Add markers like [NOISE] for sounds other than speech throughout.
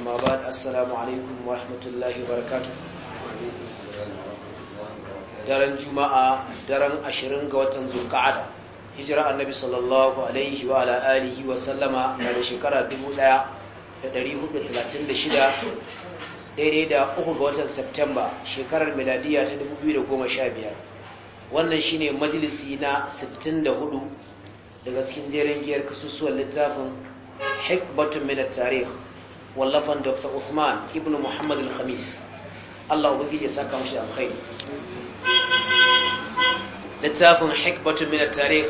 أما بعد السلام عليكم ورحمة الله وبركاته daren juma'a daren ashirin ga watan zulka'ada hijira annabi sallallahu alaihi wa ala alihi wa sallama da shekara 1436 daidai da uku ga watan septemba shekarar miladiya ta 2015 wannan shine majalisi na 64 daga cikin jerin giyar kasusuwan littafin hikbatun min at-tarikh wallafan Dr. Uthman ibn Muhammad al-Khamis Allah ubangiji ya saka mishi alkhairi littafin hikbatun min at-tarikh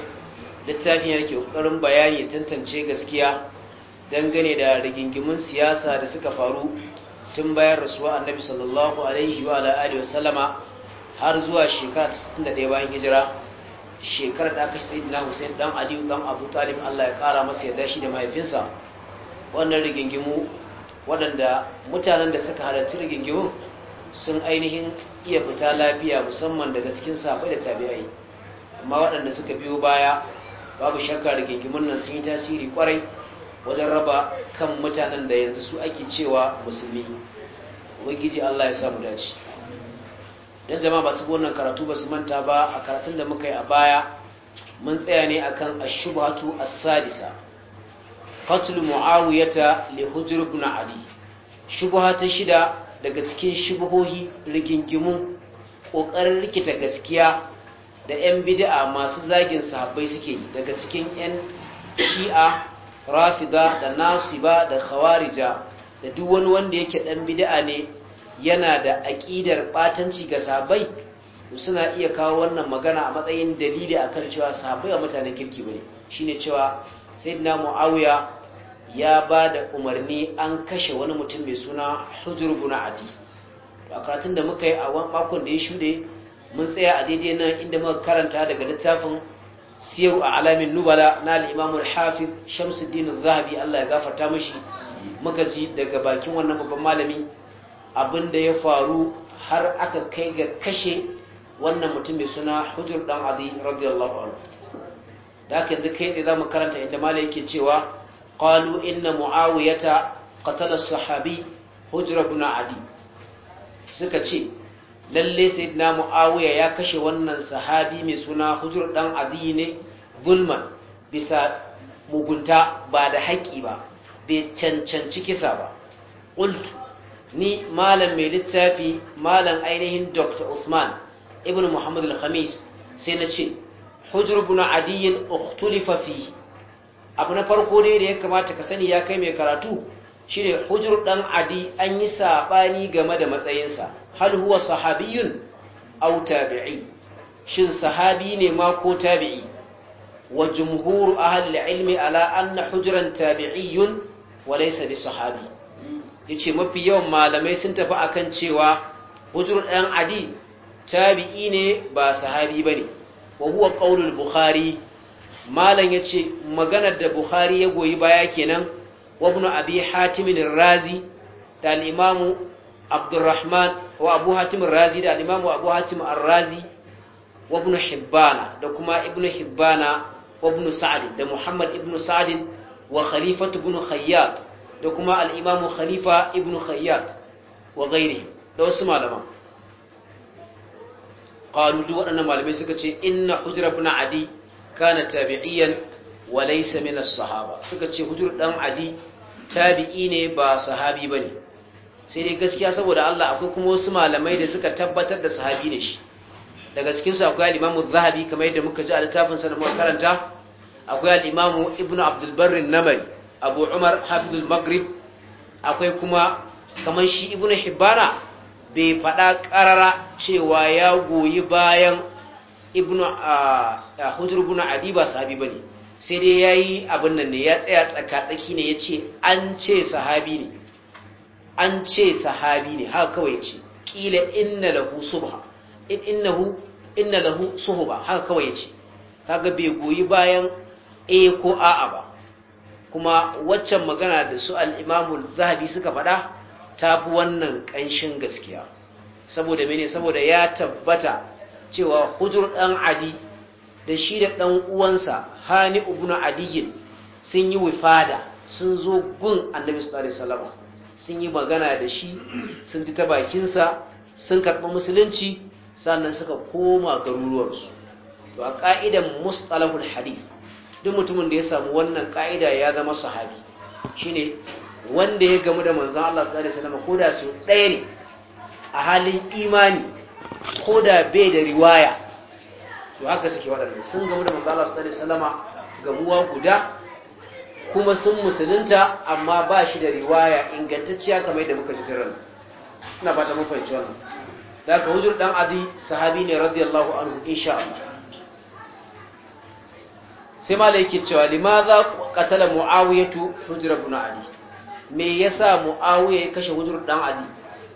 littafin yake kokarin bayani tantance gaskiya dangane da rigingimun siyasa da suka faru tun bayan rasuwa annabi sallallahu alaihi wa alihi har zuwa shekara 61 bayan hijira shekarar da aka sai na Hussein dan Aliyu dan Abu Talib Allah ya kara masa yadda shi da mahaifinsa wannan rigingimu waɗanda mutanen da suka halarci rigingimu sun ainihin iya fita lafiya musamman daga cikin safai da tabi'ai amma waɗanda suka biyo baya babu shakka rigingimun nan sun yi tasiri kwarai wajen raba kan mutanen da yanzu su ake cewa musulmi ubangiji Allah ya samu dace dan jama'a su wannan karatu ba su manta ba a karatun da muka yi a baya mun tsaya ne akan ashubhatu as-sadisa qatl muawiyata li hujr ibn ali shubha ta shida daga cikin shubhohi rigingimu kokarin rikita gaskiya da yan bid'a masu zagin sahabbai suke daga cikin yan shi'a rafida da nasiba da khawarija da duk wani wanda yake dan bid'a ne yana da aƙidar batanci ga sabai suna iya kawo wannan magana a matsayin dalili kan cewa sabai a mutanen kirki bane shine cewa sayyidina muawiya ya ba da umarni an kashe wani mutum mai suna hujur ibn adi a da muka yi a wani bakon da ya shuɗe mun tsaya a daidai nan inda muka karanta daga littafin siyaru a alamin nubala na al'imamun hafiz shamsuddin zahabi allah ya gafarta mashi muka ji daga bakin wannan babban malami abin da ya faru har aka kai ga kashe wannan mutum mai suna hujjar dan adi radiyallahu anhu da aka yanzu kai ne za mu karanta inda mala yake cewa qalu inna muawiyata qatala sahabi hujjar ibn adi suka ce lalle na muawiya ya kashe wannan sahabi mai suna hujjar dan adi ne gulman bisa mugunta ba da haƙi ba bai cancanci kisa ba qultu ni malam mai littafi malam ainihin dr usman ibn muhammad al-khamis sai na ce hujjar buna adiyin fi abu na farko dai da ya kamata ka sani ya kai mai karatu shi ne hujjar dan adi an yi saɓani game da matsayinsa hal huwa sahabiyun au tabi'i shin sahabi ne ma ko tabi'i wa jumhur ahli ilmi ala anna hujran tabi'iyun wa laysa bi sahabi yace mafi yawan malamai sun tafi akan cewa hujr dan adi tabi'i ne ba sahabi bane wa huwa qaulul bukhari malam ya ce maganar da bukhari ya goyi baya kenan wa ibn abi hatim ar-razi da al abdurrahman wa abu hatim ar-razi da al abu hatim ar-razi wa ibn hibbana da kuma ibn hibbana wa ibn sa'd da muhammad ibn sa'd wa khalifatu ibn khayyat da kuma al'imamu khalifa ibn khayyat wa gairi da wasu malaman ƙalu waɗannan malamai suka ce inna hujjar na adi kana tabi'iyan wa laysa na sahaba suka ce hujjar ɗan adi tabi'i ne ba sahabi ba ne. sai dai gaskiya saboda Allah akwai kuma wasu malamai da suka tabbatar da sahabi ne shi daga cikinsu akwai al zahabi kamar yadda muka ji a littafin sa da muka karanta akwai al Ibnu Ibn Abdul namari abu umar hafizul maghrib akwai kuma kamar shi ibn hibbana bai faɗa ƙarara cewa ya goyi bayan ibn hujjar ibn adi ba sahabi ba ne sai dai yayi yi abin nan ne ya tsaya tsakatsaki ne ya ce an ce sahabi ne an ce sahabi ne haka kawai ce ƙila inna lahu subha innahu inna lahu suhba haka kawai ce kaga bai goyi bayan eh ko a'a ba kuma waccan magana da su al'imamul zahabi suka faɗa ta fi wannan ƙanshin gaskiya saboda mene saboda ya tabbata cewa hujur ɗan adi da shi da ɗan uwansa hani ubuna adiyin sun yi wifada sun zo gun annabi sallallahu alaihi salama, sun yi magana da shi sun ji ta bakinsa sun karɓi musulunci sannan suka koma garuruwarsu to a ƙa'idan mustalahul hadith duk mutumin da ya samu wannan ka'ida ya zama sahabi shine wanda ya gamu da manzon Allah sallallahu alaihi wasallam koda su ɗaya ne a halin imani koda bai da riwaya to haka suke waɗanda sun gamu da manzon Allah sallallahu alaihi wasallam gamuwa guda kuma sun musulunta amma ba shi da riwaya ingantacciya kamar da muka ji tiran ina fata mun fahimci wannan da ka hujur dan adi sahabi ne radiyallahu anhu insha Allah sai mala yake cewa limaza qatala muawiyatu hujr ibn ali me yasa muawiya ya kashe hujr dan ali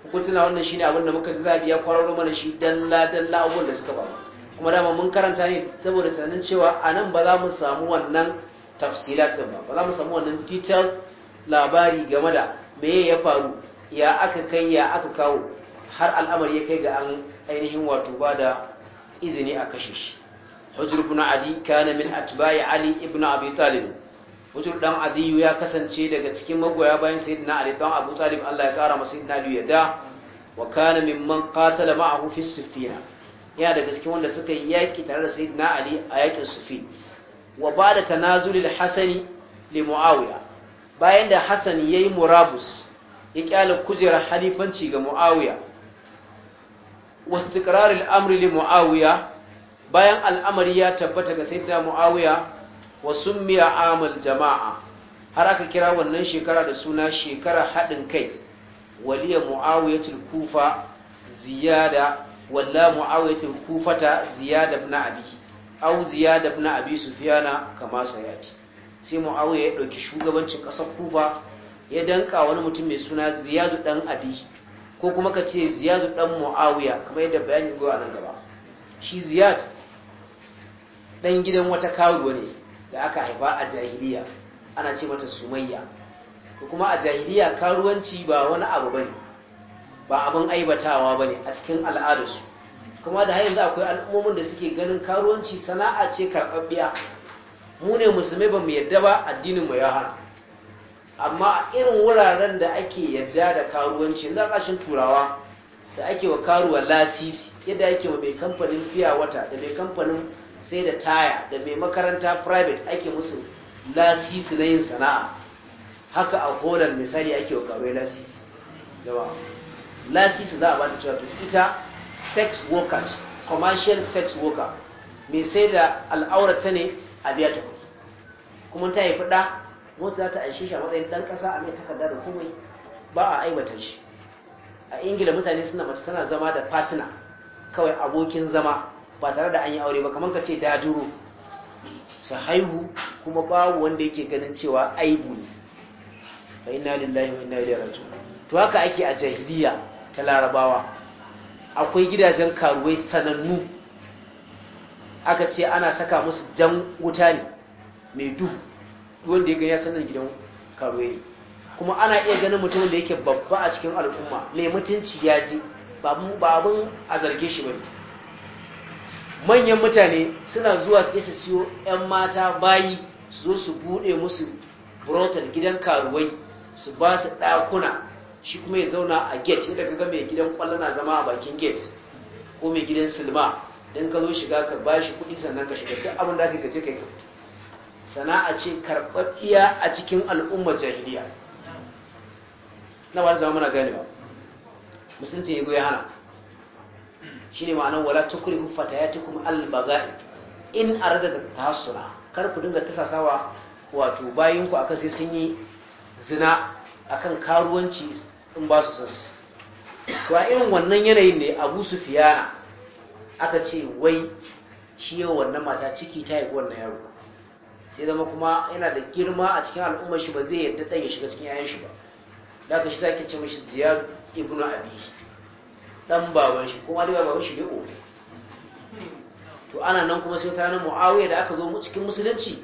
hukuntuna wannan shine abin da muka ji zabi ya kwararo mana shi dalla dalla abun da suka ba kuma dama mun karanta ne saboda sanin cewa anan ba za mu samu wannan tafsilat din ba ba za mu samu wannan detail labari game da meye ya faru ya aka kai ya aka kawo har al'amari ya kai ga an ainihin wato ba da izini a kashe shi hujr ibn ali kana min atba'i ali ibn abi talib hujr dan adiyu ya kasance daga cikin magoya bayan sayyidina ali dan abu talib Allah ya kara masa sayyidina ali yadda wa kana mimman qatala ma'ahu fi sufina ya daga cikin wanda suka yi yaki tare da sayyidina ali a yakin sufin wa bada al hasani li muawiya bayan da hasan yayi murabus ya kyala kujerar halifanci ga muawiya wa istiqrar al-amri li muawiya bayan al'amari ya tabbata ga da muawiya wa summiya amal jama'a har aka kira wannan shekara da suna shekara haɗin kai waliya muawiyatul kufa ziyada walla muawiyatul kufata ziyada na abi Au ziyada na abi na kama sayati sai muawiya ya ɗauki shugabancin ƙasar kufa ya danka wani mutum mai suna ziyadu ɗan abi ko kuma ka ce ziyadu ɗan muawiya kamar yadda bayani gowa nan gaba shi ziyad dan gidan wata karuwa ne da aka haifa a jahiliya ana ce mata sumayya kuma a jahiliya karuwanci ba wani abu bane ba abin aibatawa bane a cikin al'adarsu kuma da yanzu akwai al'ummomin da suke ganin karuwanci sana'a ce karɓaɓɓiya mu ne musulmai ba mu yadda ba addinin mu ya hana amma irin wuraren da ake yadda da karuwanci na ƙashin turawa da ake wa karuwa lasisi yadda ake wa mai kamfanin fiya wata da mai kamfanin sai da taya da mai makaranta private ake musu lasisi na yin sana'a haka a horar misali ake wa karuwa lasisi yawa lasisi za a ba ta cewa ita sex workers, commercial sex worker mai sai da al'aurata ne a biya ta kuma ta yi fada wata za ta aishe shi a matsayin dan kasa a mai takarda da komai ba a aibata shi a ingila mutane suna mace tana zama da fatina kawai abokin zama ba tare da an yi aure ba kamar ka ce daduro su haihu kuma ba wanda yake ganin cewa aibu ne fa inna lillahi wa inna ilaihi raji'un to haka ake a jahiliya ta larabawa akwai gidajen karuwai sanannu aka ce ana saka musu jan wuta ne mai duhu wanda ya gani ya sanar gidan karuwai kuma ana iya ganin mutum da yake babba a cikin al'umma mai mutunci ya ji ba abin a zarge shi ba manyan mutane suna zuwa su su siyo 'yan mata bayi su zo su buɗe musu brotar gidan karuwai su ba su ɗakuna shi kuma ya zauna a gate yadda ka ga mai gidan kwallo na zama a bakin gate ko mai gidan silma don ka zo shiga ka ba shi kuɗi sannan ka shiga duk abin da aka gace kai ka sana'a ce karɓaɓɓiya a cikin al'ummar jahiliya na ba da zama mana gani ba musulunci ya goya hana shine ma'ana wala tukrihu fatayatukum albagha'i in a da tahassuna kar ku dinga tasasawa wato bayanku ku aka sai sun yi zina akan karuwanci in ba su sansu to a irin wannan yanayin ne Abu fiyana aka ce wai shi yau wannan mata ciki ta yi wannan yaro sai zama kuma yana da girma a cikin al'ummar shi ba zai yadda dan ya shiga cikin yayan shi ba da aka shi sake ce mashi ziyar ibnu Abi dan baban shi kuma dai baban shi bai obi to ana nan kuma sai tana muawiya da aka zo cikin musulunci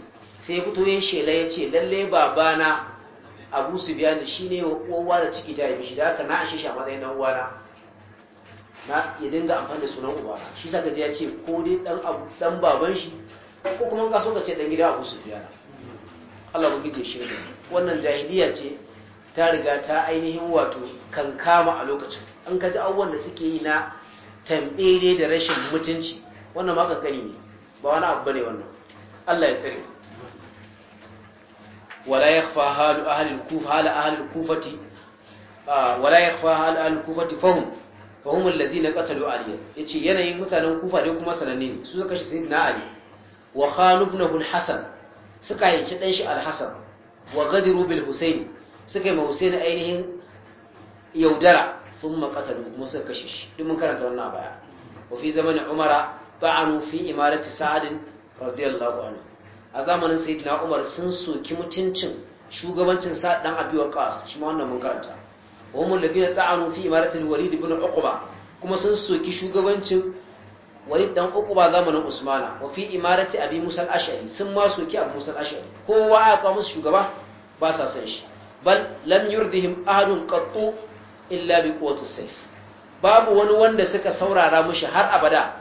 sai ya fito ya shela ya ce lalle babana abu sufyan ne uwa da ciki ta yi shi da aka na shi a matsayin dan na ya dinga amfani da sunan uba shi saka ji ya ce ko dai dan abu dan baban shi ko kuma ka so ka ce dan gida abu sufyan Allah ku gije shi wannan jahiliya ce ta riga ta ainihin wato kankama a lokacin An ka ji abubuwan da suke yi na tambere da rashin mutunci wannan ma kankani ne ba wani abu bane wannan Allah ya tsare wala yakhfa halu ahli al-kufa hala ahli al-kufati wala yakhfa halu ahli al-kufati fahum fahum allazina qatalu ali yace yanayin mutanen kufa dai kuma sananne ne su suka kashe sayyidina ali wa khan ibn al-hasan suka yi dan shi al-hasan wa gadiru bil husayn suka yi ma husayn ainihin yaudara thumma qatalu kuma kashe shi duk mun karanta wannan baya wa fi zamanin umara ba'anu fi imarati sa'ad radiyallahu anhu a zamanin sayyidina umar sun soki mutuncin shugabancin sa'ad dan abi waqas shi ma wannan mun karanta wa hum alladhina ta'anu fi imarati walid ibn uqba kuma sun soki shugabancin walid dan uqba zamanin usmana wa fi imarati abi musa al-ash'ari sun ma soki musa al-ash'ari kowa aka musu shugaba ba sa san shi bal lam yurdihim ahadun qattu illa bi quwwati sayf babu wani wanda suka saurara mushi har abada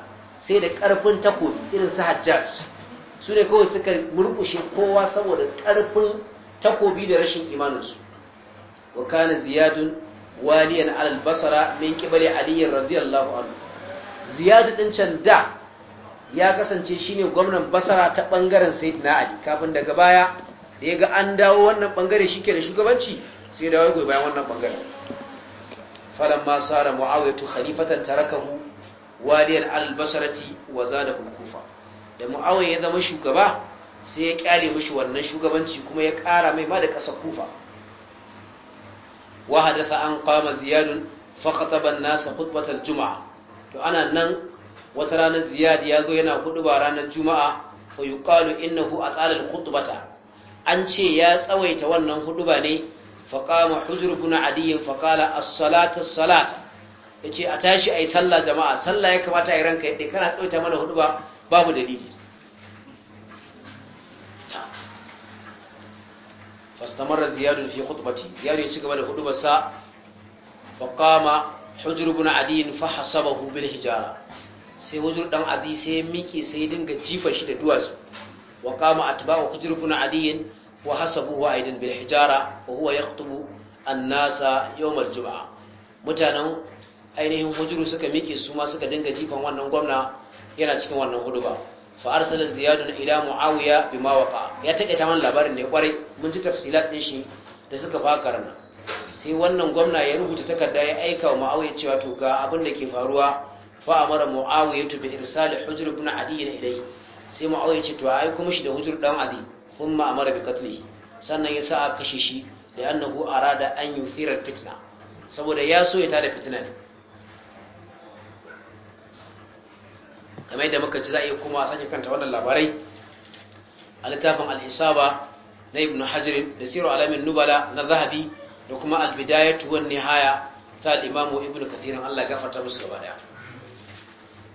sai da karfin takobi irin su hajjaj su ne kawai suka murkushe kowa saboda ƙarfin takobi da rashin imaninsu wa kana ziyadun waliyan al basara min qibali ali radiyallahu anhu Ziyadu din can da ya kasance shine gwamnan basara ta bangaren sayyidina ali kafin daga baya da ya ga an dawo wannan bangare shike da shugabanci sai dawo goyi bayan wannan ɓangaren. falamma sara mu'awiyatu khalifatan tarakahu waliyal albasarati wa zadahu da mu'awiya ya zama shugaba sai ya kyale mishi wannan shugabanci kuma ya kara mai ma da kasar kufa wa hadatha an qama ziyadun fa khataba an-nas juma'a to ana nan wata ranar ziyad ya zo yana huduba ranar juma'a fa yuqalu innahu atala al-khutbata an ce ya tsawaita wannan huɗuba ne فقام حزر بن عدي فقال الصلاة الصلاة yace a tashi ai sallah jama'a sallah ya kamata ai ranka yadda kana tsoita mana hudu ba babu dalili fastamarra ziyadun fi khutbati ziyadu ya ci gaba da hudubarsa fa qama hujr ibn adi fa hasabahu bil hijara sai hujr dan adi sai miki sai dinga jifa shi da duwatsu wa qama atba'u hujr ibn adi wa hasabuhu aidan bil hijara wa huwa yaqtubu annasa yawm al jum'a mutanen ainihin hujuru suka miƙe su ma suka dinga jifan wannan gwamna yana cikin wannan huduba fa arsala ziyadun ila muawiya bima waqa ya take ta man labarin ne kwarai mun ji tafsilat din shi da suka baka karana sai wannan gwamna ya rubuta takarda ya aika wa muawiya cewa to ga abin da ke faruwa fa amara muawiya bi irsali hujr ibn adi ilayhi sai muawiya ce to ai kuma shi da hujr dan adi thumma amara bi sannan ya sa aka kashe shi da annahu arada an yufira fitna saboda ya so ya tada fitna ne kamar yadda muka ci za a iya kuma sake kanta wannan labarai a littafin al na ibn hajar da siro alamin nubala na zahabi da kuma al-bidayatu haya nihaya ta al-imam ibn kathir Allah gafarta musu gaba daya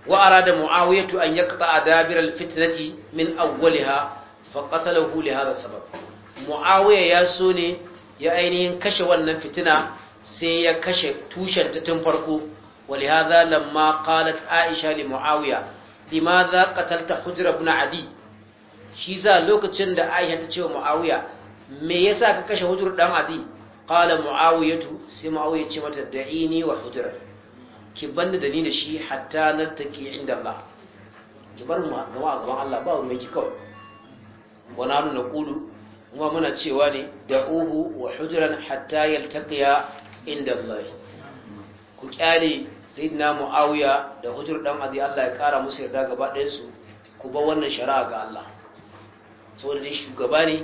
wa arada muawiyatu an yaqta adabir fitnati min awwaliha faqatalahu li hadha sabab muawiya ya so ne ya ainihin kashe wannan fitina sai ya kashe tushen ta tun farko wali hadha lamma qalat aisha li muawiya limadha qatalta hujr ibn adi shi za lokacin da aisha ta ce muawiya me yasa ka kashe hujr dan adi qala tu sai muawiya ce mata da'ini wa hujr ki banda da ni da shi hatta nartaki inda Allah ki bar mu gama gaban Allah ba mu ki kawai wa nahnu kudu kuma muna cewa ne uhu wa hujran hatta yaltaqiya inda Allah ku kyale sayyidina muawiya da hujur dan azi Allah ya kara musu yarda gaba ɗayan su ku ba wannan shari'a ga Allah saboda dai shugaba ne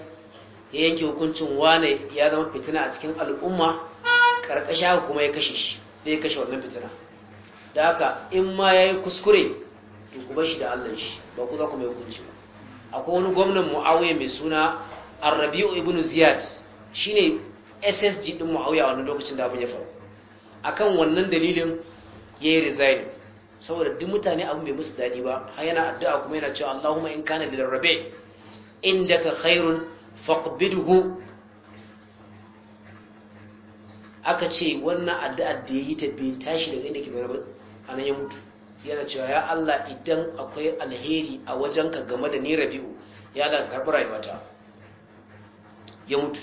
ya yanke hukuncin wane ya zama fitina a cikin al'umma karkashin kuma ya kashe shi ya kashe wannan fitina da haka in ma yayi kuskure to ku bar shi da Allah shi ba ku za ku mai hukunci ba akwai wani gwamnan mu'awiyar mai suna arrabi'u ibn ziyad shi ne ssg ɗin mu'awiyar a wannan lokacin da abin ya faru A kan wannan dalilin ya yi resign saboda duk mutane abin bai musu daɗi ba har yana addu'a kuma yana cewa Allahumma in kana lil rabi ka khairun faqbidhu aka ce wannan addu'ar da yayi ta bai tashi daga inda ke anan ya mutu yana cewa ya Allah idan akwai alheri a wajenka game da ni rabi'u ya Allah karɓi rayuwata ya mutu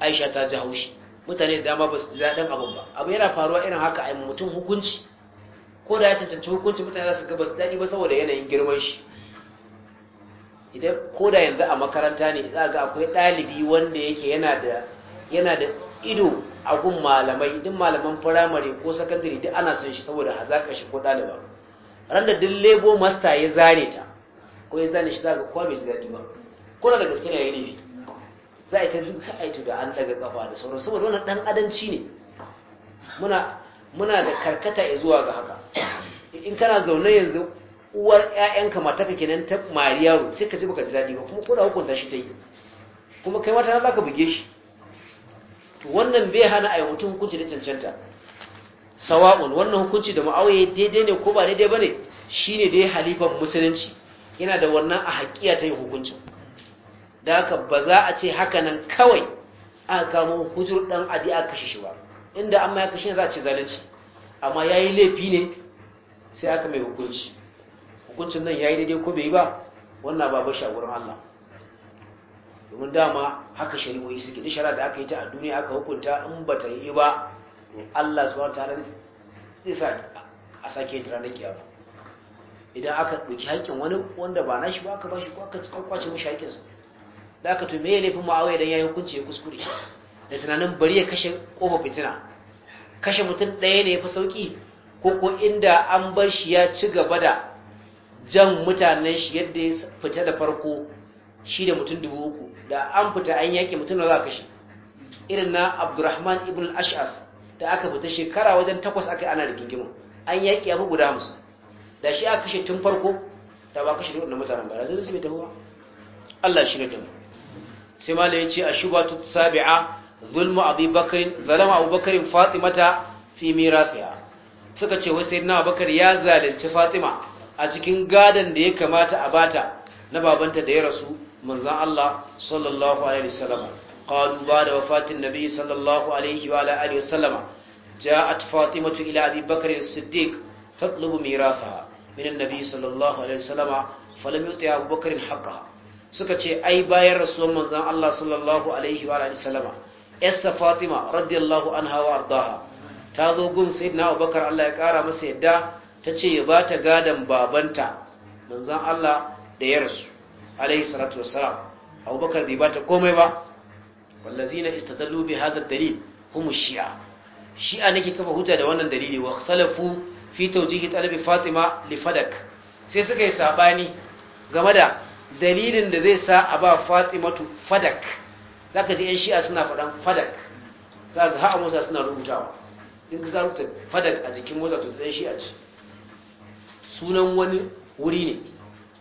aisha ta ji haushi mutane da dama ba su ji daɗin abin ba abu yana faruwa irin haka a mutum hukunci ko da ya cancanci hukunci mutane za su ga ba su daɗi ba saboda yanayin girman shi idan ko da yanzu a makaranta ne za ga akwai ɗalibi wanda yake yana da yana da ido a gun malamai din malaman firamare ko sakandare duk ana san shi saboda hazakar shi ko ɗaliba ran da duk lebo masta ya zane ta ko ya zane shi za ka kowa bai ji daɗi ba kuna da gaske ne ya yi laifi za a yi ta aitu da an daga kafa da sauran saboda wannan dan adanci ne muna da karkata ya zuwa ga haka in kana zaune yanzu uwar ƴaƴanka mata kake nan ta mariyaru sai ka ji baka ji daɗi ba kuma ko da hukunta shi ta yi kuma kai mata na zaka buge shi wannan bai hana a yi mutum hukunci da cancanta sawa'un wannan hukunci da mu'awiya daidai ne ko ba daidai bane shine dai halifan musulunci yana da wannan a haƙiya ta yi hukuncin da haka ba za a ce haka nan kawai aka kamo hujur dan adi aka kashe shi ba inda amma ya kashe za a ce zalunci amma yayi laifi ne sai aka mai hukunci hukuncin nan yayi daidai ko bai yi ba wannan ba ba shagurin Allah domin dama haka shari'o'i suke da shara da aka yi ta a duniya aka hukunta in ba ta yi ba to Allah subhanahu ta zai sa a sake ta ranar kiyama idan aka ɗauki haƙƙin wani wanda ba nashi ba aka bashi ko aka kwace mashi haƙƙin sa da aka tume ya laifin ma'awa idan yi hukunci ya kuskure da tunanin bari ya kashe kofa fitina kashe mutum ɗaya ne ya fi sauƙi ko ko inda an bar shi ya ci gaba da jan mutanen shi yadda ya fita da farko shi da mutum dubu uku da an fita an yake mutum da za a kashe irin na abdurrahman ibn ash'af da aka fita shekara wajen takwas aka yi ana da rigingima an yake abu guda musu da shi aka kashe tun farko da ba kashe dukkan mutanen ba zai su bai tafi ba Allah shi ne da mu sai mala ya ce a shubatu sabi'a zulmu abu zalama abu bakarin fatimata fi miratiya suka ce wai sayyidina abubakar ya zalunci fatima a cikin gadon da ya kamata a bata na babanta da ya rasu manzan Allah sallallahu alaihi wasallam qalu ba da wafatin nabi sallallahu alaihi wa alihi wasallam ja'at fatimatu ila abi bakr as-siddiq tatlubu mirathaha Minan annabi sallallahu alaihi wasallam falam yuti abu Bakarin haqqaha suka ce ai bayan rasuwan manzan Allah sallallahu alaihi wa alihi wasallam yassa fatima radiyallahu anha wa ardaha ta zo gun sayyidina Bakar Allah ya kara masa yadda ta ce ya ba ta gadon babanta manzan Allah da ya rasu alaihi salatu wassalam abubakar bai bata komai ba wallazina istadallu bi hadha dalil hum shi'a shi'a nake kafa hujja da wannan dalili wa salafu fi tawjihi talabi fatima li fadak sai suka yi sabani game da dalilin da zai sa a ba fatimatu fadak zaka ji yan shi'a suna faɗan fadak zaka ha musa suna rubutawa in ka rubuta fadak a jikin mota to dan shi'a ce sunan wani wuri ne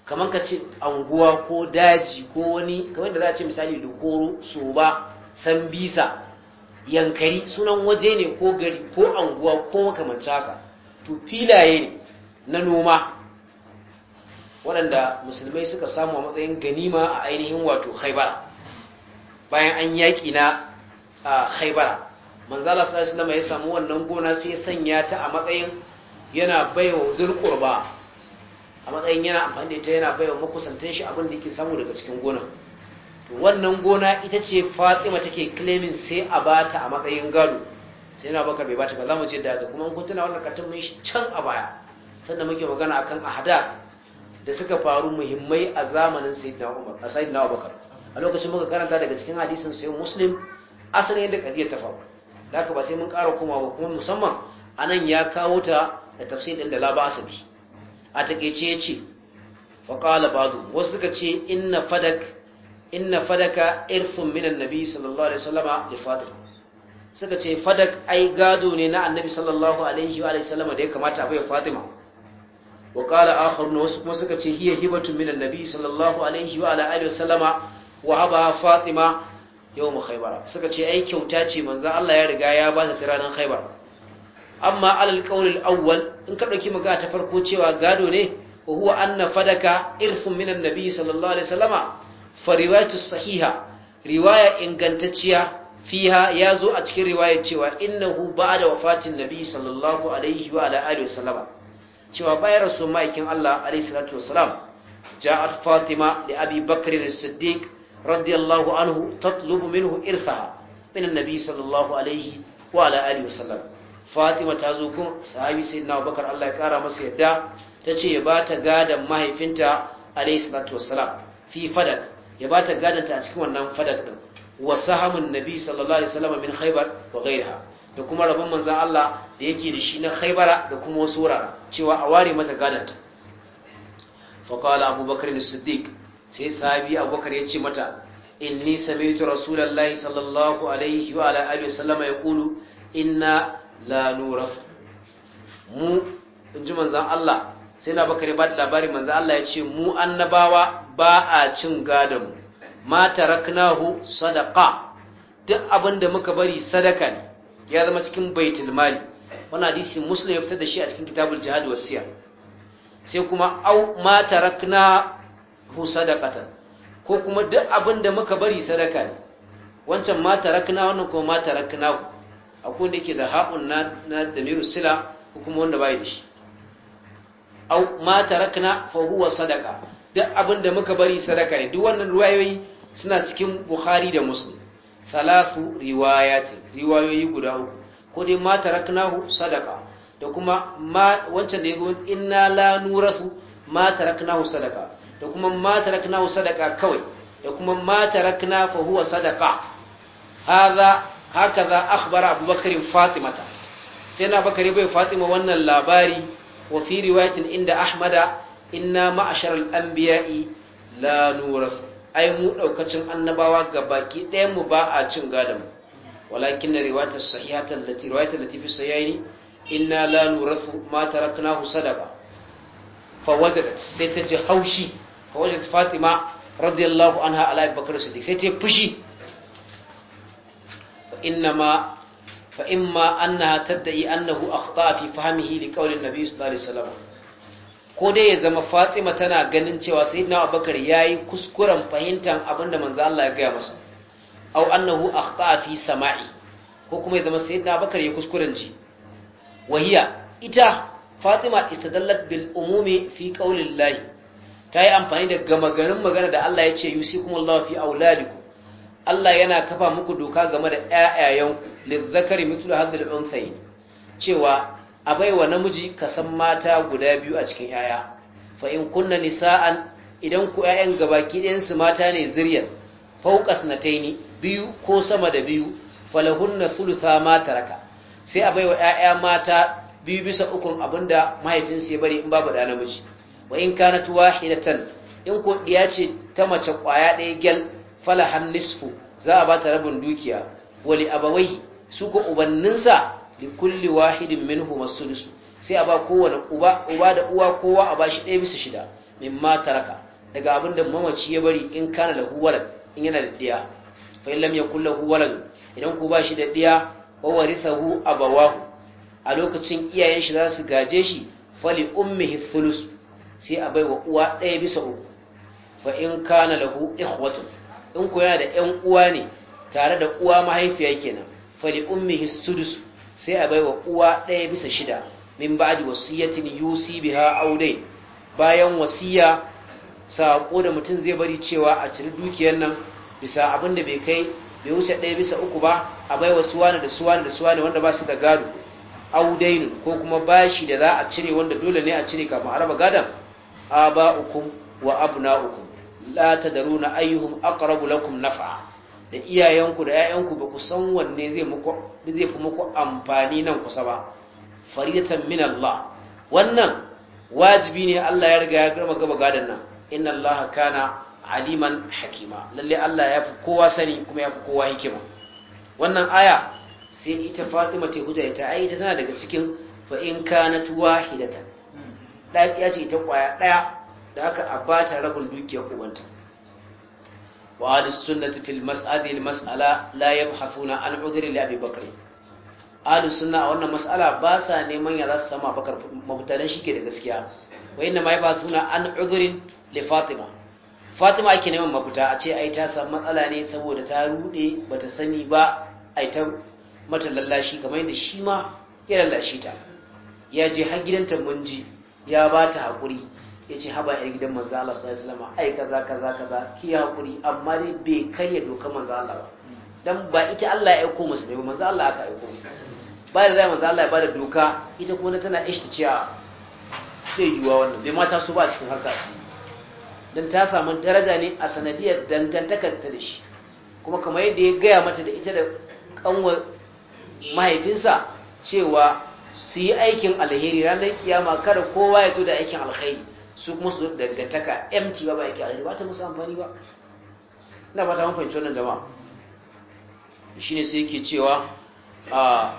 kamar ka ce anguwa ko daji ko wani kamar da za a ce misali dokoro soba sambisa yankari sunan waje ne ko gari ko anguwa ko makamanci haka to filaye ne na noma waɗanda musulmai suka samu a matsayin ganima a ainihin wato haibara bayan an yaƙi na haibara manzala sallallahu ya samu wannan gona sai sanya ta a matsayin yana baiwa ba. a matsayin yana amfani da ita yana baiwa makusantan shi abin da yake samu daga cikin gona to wannan gona ita ce fatima take claiming sai a bata a matsayin gado sai na bakar bai bata ba za mu je daga kuma kun tana wannan katin mun can a baya sannan muke magana akan ahada da suka faru muhimmai a zamanin sayyidina umar a sayyidina abubakar a lokacin muka karanta daga cikin hadisin sai muslim asalin yadda kadiya ta faru da ba sai mun ƙara komawa kuma musamman anan ya kawo ta da tafsirin da la ba asabi a takeice yace wa qala ba'du wasu suka ce inna fadak fadaka irfin minan nabi sallallahu alaihi wasallama li fatima suka ce fadak ai gado ne na annabi sallallahu alaihi wa sallama da ya kamata a bai fatima wa qala akhar na wasu kuma suka ce hiya hibatun minan nabi sallallahu alaihi wa alihi wasallama wa aba fatima yawm khaybar suka ce ai kyauta ce manzo Allah ya riga ya ba ta ranar khaybar amma alal qawlil awwal in ka dauki magana ta farko cewa gado ne wa huwa anna fadaka irfun minan nabi sallallahu alaihi wasallama fa riwayatu sahiha riwaya ingantacciya fiha yazo a cikin riwayar cewa innahu ba'da wafatin nabi sallallahu alaihi wa ala alihi wasallama cewa bayan rasul ma'aikin Allah alaihi salatu wassalam ja'at fatima li abi bakr as-siddiq radiyallahu anhu tatlubu minhu irthaha min nabi sallallahu alaihi wa ala alihi wasallama fatima ta zo kuma sahabi sai sayyidina abubakar Allah ya kara masa yadda ta ce ya ba ta gadon mahaifinta alayhi salatu wassalam fi fadak ya bata gadan ta a cikin wannan fadak din wa sahamun nabi sallallahu alaihi wasallam min khaybar wa ghayriha da kuma rabon manzon Allah da yake da shi na khaybara da kuma wasu wurare cewa a ware mata gadan ta fa qala abubakar as-siddiq sai sahabi abubakar ya ce mata inni sami'tu rasulullahi sallallahu alaihi wa ala alihi wasallama yaqulu inna la mu in ji manzan Allah sai na bakare ba da labari manzan Allah ya ce mu annabawa ba a cin gadon ma taraknahu sadaqa duk abinda muka bari sadaka ne ya zama cikin baitul mali wannan hadisi muslim ya fitar da shi a cikin kitabul jihad wasiya sai kuma au ma taraknahu sadaqatan ko kuma duk abinda muka bari sadaka ne wancan ma tarakna wannan ko ma tarakna akwai da ke da haɓun na damiru sila hukuma wanda bai da shi au ma tarakna fa huwa sadaka duk abin da muka bari sadaka ne duk wannan riwayoyi suna cikin bukhari da muslim thalathu riwayati riwayoyi guda uku ko dai ma taraknahu sadaka da kuma ma wancan da yazo inna la nurasu ma taraknahu sadaka da kuma ma taraknahu sadaka kawai da kuma ma tarakna fa huwa sadaka hadha haka za akhbara abubakarin fatimata sai na bakare bai fatima wannan labari wa fi riwayatin inda ahmada inna ma'ashar al'ambiya'i la nurasu ai mu daukacin annabawa ga baki ɗayanmu mu ba a cin gadon walakin na riwayatar sahihatan lati riwayatar sayayi inna la nurasu ma rakna sadaqa fa wajadat sai ta ji haushi fatima radiyallahu anha ala bakar siddiq sai ta fushi فإنما فإما أنها تدعي أنه أخطأ في فهمه لقول النبي صلى الله عليه وسلم ko dai ya zama Fatima tana ganin cewa Sayyidina Abubakar yayi kuskuren fahimtar abinda manzo Allah ya gaya masa aw annahu akhta'a fi sama'i ko kuma ya zama Sayyidina Abubakar ya kuskuren ji wahiya ita Fatima istadallat bil umumi fi qaulillahi ta yi amfani da gama garin magana da Allah ya ce yusikumullahu fi auladikum Allah yana kafa muku doka game da ƴaƴayenku lizzakari mislu hadhil unsayn cewa a baiwa namiji kasan mata guda biyu a cikin ƴaƴa fa in kunna nisaan idan ku ƴaƴan gabaki ɗayan su mata ne zuriyar fawqas nataini biyu ko sama da biyu falahunna thulutha ma taraka sai a baiwa ƴaƴa mata biyu bisa ukun abinda mahaifinsu ya bari in babu da namiji wa in kanat wahidatan in ko diya ce ta mace kwaya ɗaya gyal falahan nisfu za a ba ta rabin dukiya wali abawai su ko ubanninsa da kulli wahidin minhu sulusu? sai a ba kowane uba da uwa kowa a ba shi ɗaya bisa shida Min mata raka. daga abin da mamaci ya bari in kana lahu walad in yana da ɗiya? fa in lam yakul lahu walad idan ba shi da ɗiya wa warithahu abawahu a lokacin iyayen shi za su gaje shi fali ummihi thulus sai a bai wa uwa ɗaya bisa uku fa in kana lahu ikhwatun in ku yana da 'yan uwa ne tare da uwa mahaifiya kenan fali ummihi sudus sai a baiwa uwa ɗaya bisa shida min ba'di wasiyatin yusi biha audai bayan wasiya sako da mutum zai bari cewa a cire dukiyar nan bisa abin da bai kai bai wuce ɗaya bisa uku ba a baiwa suwana da suwana da suwana wanda ba su da gado audain ko kuma bashi da za a cire wanda dole ne a cire kafin a raba gadon aba'ukum wa abna'ukum la tadruna ayyuhum aqrabu lakum naf'a da iyayenku da 'ya'yanku ba ku san wanne zai muku zai fi muku amfani nan kusa ba fariyatan min Allah wannan wajibi ne Allah ya riga ya girma gaba gadon nan inna Allah kana aliman hakima lalle Allah ya fi kowa sani kuma ya fi kowa hikima wannan aya sai ita Fatima ta huta ta ai tana daga cikin fa in kanat ce ta kwaya ɗaya. da aka a rabin dukiyar ubanta wa ahli sunnati fil mas'adi al mas'ala la yabhathuna an udri li abi bakr sunna a wannan mas'ala ba sa neman ya rasa sama bakar mabutalan shi da gaskiya wa inna ma yabhathuna an udri li fatima fatima ake neman mafuta a ce ai ta samu matsala ne saboda ta rude bata sani ba ai ta mata lallashi kamar yadda shi ma ya lallashi ta ya je har gidanta mun ji ya ba ta haƙuri ce haba yar gidan manzo Allah sallallahu alaihi wasallam ai kaza kaza kaza ki hakuri amma dai bai karya dokar manzo Allah ba dan ba ita Allah ya aiko musu ba manzo Allah aka aiko ba da zai manzo Allah ya bada doka ita kuma tana cewa sai yiwa wannan bai mata su ba cikin harka dan ta samu daraja ne a sanadiyar dangantakar ta da shi kuma kamar yadda ya gaya mata da ita da kanwa mahaifinsa cewa su yi aikin alheri ranar kiyama kada kowa ya zo da aikin alkhairi su kuma su dangantaka empty ba ba yake alheri ba ta musu amfani ba ina ba ta mun fahimci wannan jama'a ne sai yake cewa a ah,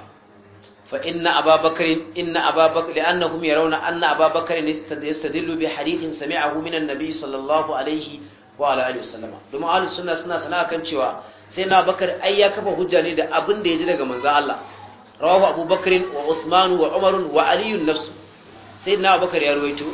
fa inna ababakar inna ababakar li'annahum yarawna anna ababakar yastadillu bi hadithin sami'ahu minan nabi sallallahu alaihi wa ala alihi wasallam domin ahlus sunna suna sana'a kan cewa sai na bakar ai ya kafa hujja ne da abin da ya ji daga manzon Allah rawahu abubakar wa Usmanu wa umar wa ali nafsu sai na bakar ya ruwaito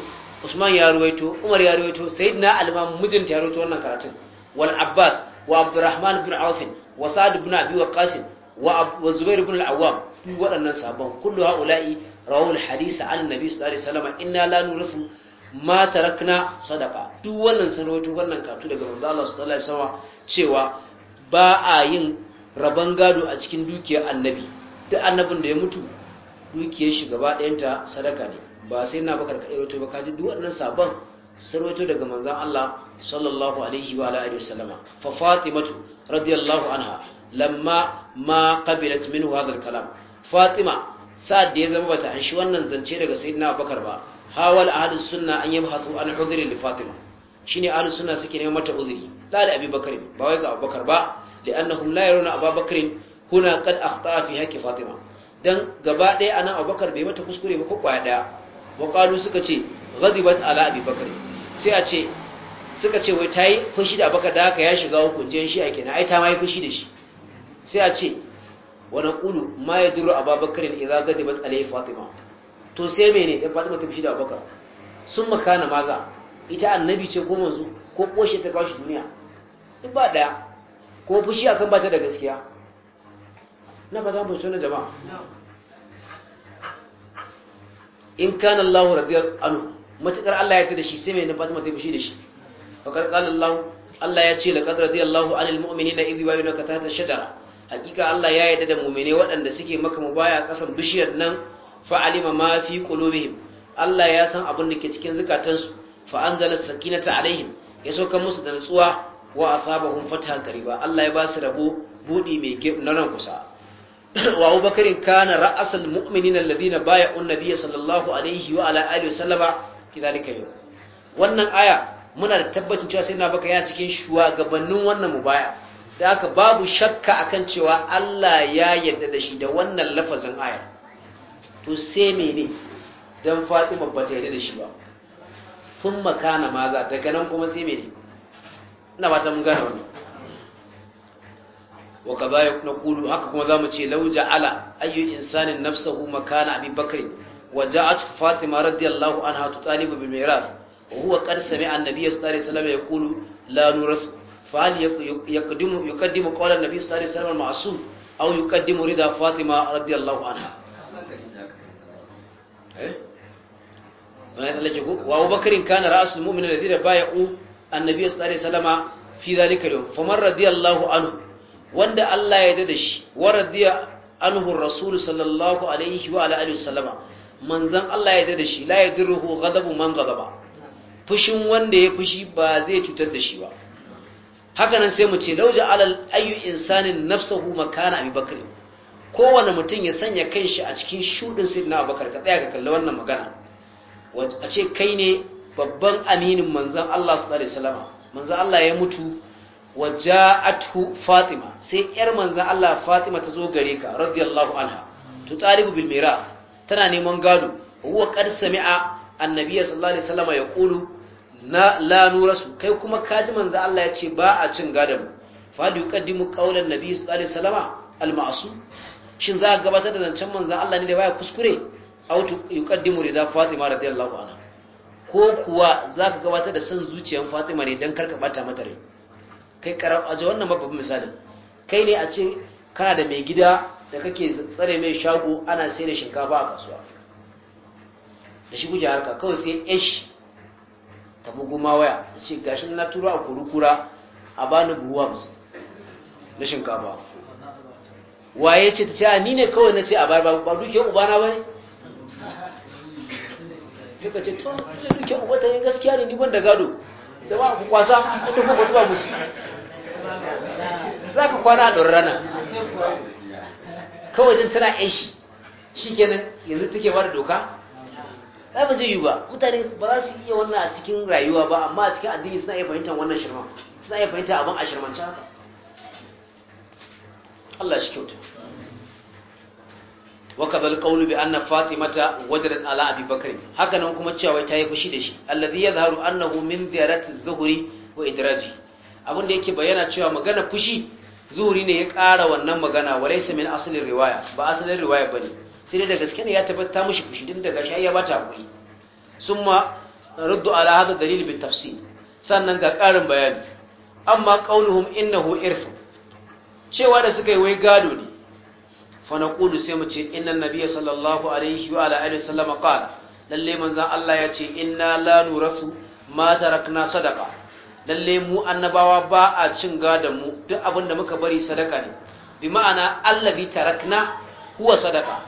usman ya ruwaito umar ya ruwaito sayyidina al-imam mijinta ya ruwaito wannan karatun wal abbas wa abdurrahman ibn auf wa sa'd ibn abi waqas wa zubair ibn al-awwam duk waɗannan sahabban kullu haula'i rawul hadisi an nabi sallallahu alaihi wasallam inna la nurithu ma tarakna sadaka duk wannan ruwaito wannan karatu daga manzo Allah sallallahu alaihi wasallam cewa ba a yin raban gado a cikin dukiyar annabi duk annabin da ya mutu dukiyar shi gaba ɗayanta sadaka ne ba sai na bakar kaɗai rawaito ba kaji duk waɗannan sabon sun rawaito daga manzan Allah sallallahu alaihi wa alihi wasallama fa fatimatu radiyallahu anha lamma ma qabilat minhu hadha al-kalam fatima sa'ad da ya zama bata an shi wannan zance daga sayyidina Abubakar ba hawal ahlus sunna an yabhasu an udhri li fatima shine ahlus sunna suke neman mata udhri la da Abi ba wai ga Abubakar ba li'annahum la yaruna Abubakar Bakr huna qad akhta fi haqqi fatima dan gaba ɗaya anan Abubakar bai mata kuskure ba ko kwaya ɗaya wa qalu suka ce ghadibat ala abi bakr sai a ce suka ce wai tayi fushi da abakar da haka ya shiga hukuncin shi a kenan ai ta mai fushi da shi sai a ce wa naqulu ma yadru abubakar idza ghadibat alayhi fatima to sai mene dan fatima ta fushi da abakar sun makana maza ita annabi ce ko manzo ko koshe ta kawo shi duniya in ba daya ko fushi akan bata da gaskiya na ba za mu tuna jama'a in kana Allah radiyallahu anhu matakar Allah ya ta da shi sai mai na Fatima ta da shi fakar qala Allah Allah ya ce laqad radiyallahu anil mu'minina idh kata ta shajara hakika Allah ya yarda da mu'mine waɗanda suke maka mubaya kasan bishiyar nan fa alima ma fi qulubihim Allah ya san abin da ke cikin zakatansu. fa anzala sakinata alaihim ya sauka musu da nutsuwa wa asabahum fatahan qariba Allah ya ba su rabo budi mai na ran kusa [COUGHS] wa abubakar kana ra'asal mu'minin alladhina bay'u an-nabiy sallallahu alaihi wa ala alihi wasallama kidalika yau wannan aya muna da tabbacin cewa sai na baka yana cikin shugabannin wannan baya. da aka babu shakka akan cewa Allah ya yarda da shi da wannan lafazin aya to sai mene dan Fatima bata yarda da shi ba sun makana maza daga nan kuma sai mene ina ba ta mun gane wannan وكذا نقول هكا كما زعما تشي لو جعل اي انسان نفسه مكان ابي بكر وجاءت فاطمه رضي الله عنها تطالب بالميراث وهو قد سمع النبي صلى الله عليه وسلم يقول لا نورث فهل يقدم يقدم قول النبي صلى الله عليه وسلم المعصوم او يقدم رضا فاطمه رضي الله عنها ايه وابو بكر كان راس المؤمن الذي بايعوا النبي صلى الله عليه وسلم في ذلك اليوم فمن رضي الله عنه wanda Allah ya yarda da shi wa radiya anhu rasul sallallahu alaihi wa ala alihi sallama manzon Allah ya yarda da shi la yadruhu ghadabu man ghadaba fushin wanda ya fushi ba zai cutar da shi ba haka nan sai mu ce lauja alal ayyu insanin nafsuhu makana abi bakr kowane mutum ya sanya kanshi a cikin shudin sayyidina abubakar ka tsaya ka kalli wannan magana a ce kai ne babban aminin manzon Allah sallallahu alaihi wasallama manzon Allah ya mutu wa ja'athu fatima sai yar manzon Allah fatima ta zo gare ka radiyallahu anha to talibu bil tana neman gado huwa kad sami'a annabi sallallahu alaihi wasallam kulu na la nurasu kai kuma kaji manzon Allah ya ce ba a cin gado fa da yuqaddimu qawlan nabi sallallahu alaihi wasallam al ma'sum shin za a gabatar da zancen manza Allah ne da baya kuskure aw yuqaddimu fatima radiyallahu anha ko kuwa za ka gabatar da son zuciyar fatima ne don karka bata mata rai kai karam aje wannan babban misalin kai ne a ce kana da mai gida da kake tsare mai shago ana sai da shinkafa a kasuwa da shi guje harka kawai sai ish ta bugu ma waya da ce gashin na turu a kurukura a bani buhuwa musu na shinkafa waye ce ta ce ni ne kawai na ce a bar ba duke ubana ba ne sai ka ce to duke ta yi gaskiya ne ni ban da gado da ba ku kwasa ku tafi ku ba musu za ka kwana a rana kawai din tana yan shi shi kenan yanzu take ba da doka Ba ba zai yi ba mutane ba za su iya wannan a cikin rayuwa ba amma a cikin addini suna iya fahimtar wannan shirman suna iya fahimtar abin a shirmanci haka Allah shi kyauta وكذا القول بأن فاطمة وجدت على أبي بكر هكذا نقوم تشاوي تايكو شيدشي الذي يظهر أنه من zuhri wa idraji abin da yake bayyana cewa magana fushi zuhuri ne ya ƙara wannan magana wa laysa na asalin riwaya ba asalin riwaya ne. sai dai da gaske ne ya tabbata mushi fushi din daga shi ya bata Sun ma ruddu ala hada dalil bin tafsi sannan ga ƙarin bayani amma qauluhum innahu irth cewa da suka yi wai gado ne fa sai mu ce innan nabiyya sallallahu alaihi wa ala alihi sallama qala lalle Allah ya ce inna la nurathu ma tarakna sadaka. lalle mu annabawa ba a cin gadon mu duk abin da muka bari sadaka ne bi ma'ana allabi tarakna huwa sadaka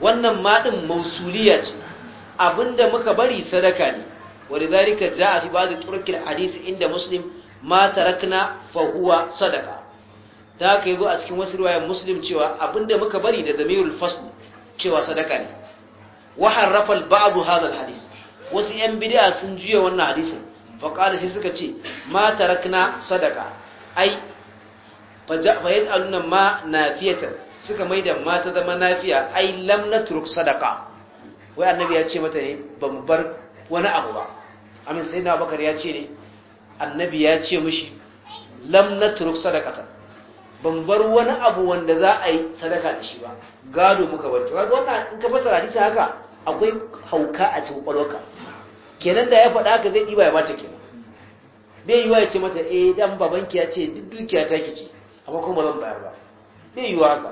wannan maɗin mausuliya ce abinda muka bari sadaka ne wani zarika ja a fi ba da turkin hadisi inda muslim ma tarakna fahuwa sadaka ta haka yi a cikin wasu ruwayen muslim cewa abinda muka bari da zamirul fasl cewa sadaka ne waharrafal ba'adu hadal hadis wasu yan bid'a sun juya wannan hadisin faƙaɗa shi suka ce ma tarakna sadaka ai fa yaj'aluna ma na fiyatar suka maida ma ta zama nafiya ai lam turuk sadaka wai annabi ya ce mata ne bamu bar wani abu ba amin na bakar ya ce ne annabi ya ce mishi lam sadaka ta. ban bar wani abu wanda za a yi sadaka da shi ba gado muka bar wannan in ka fata hadisi haka akwai hauka a cikin kwalwaka. kenan da ya faɗa haka zai ɗiba ya bata kenan bai yiwa ya ce mata eh dan babanki ya ce duk dukiya ta kici amma kuma zan bayar ba bai yiwa haka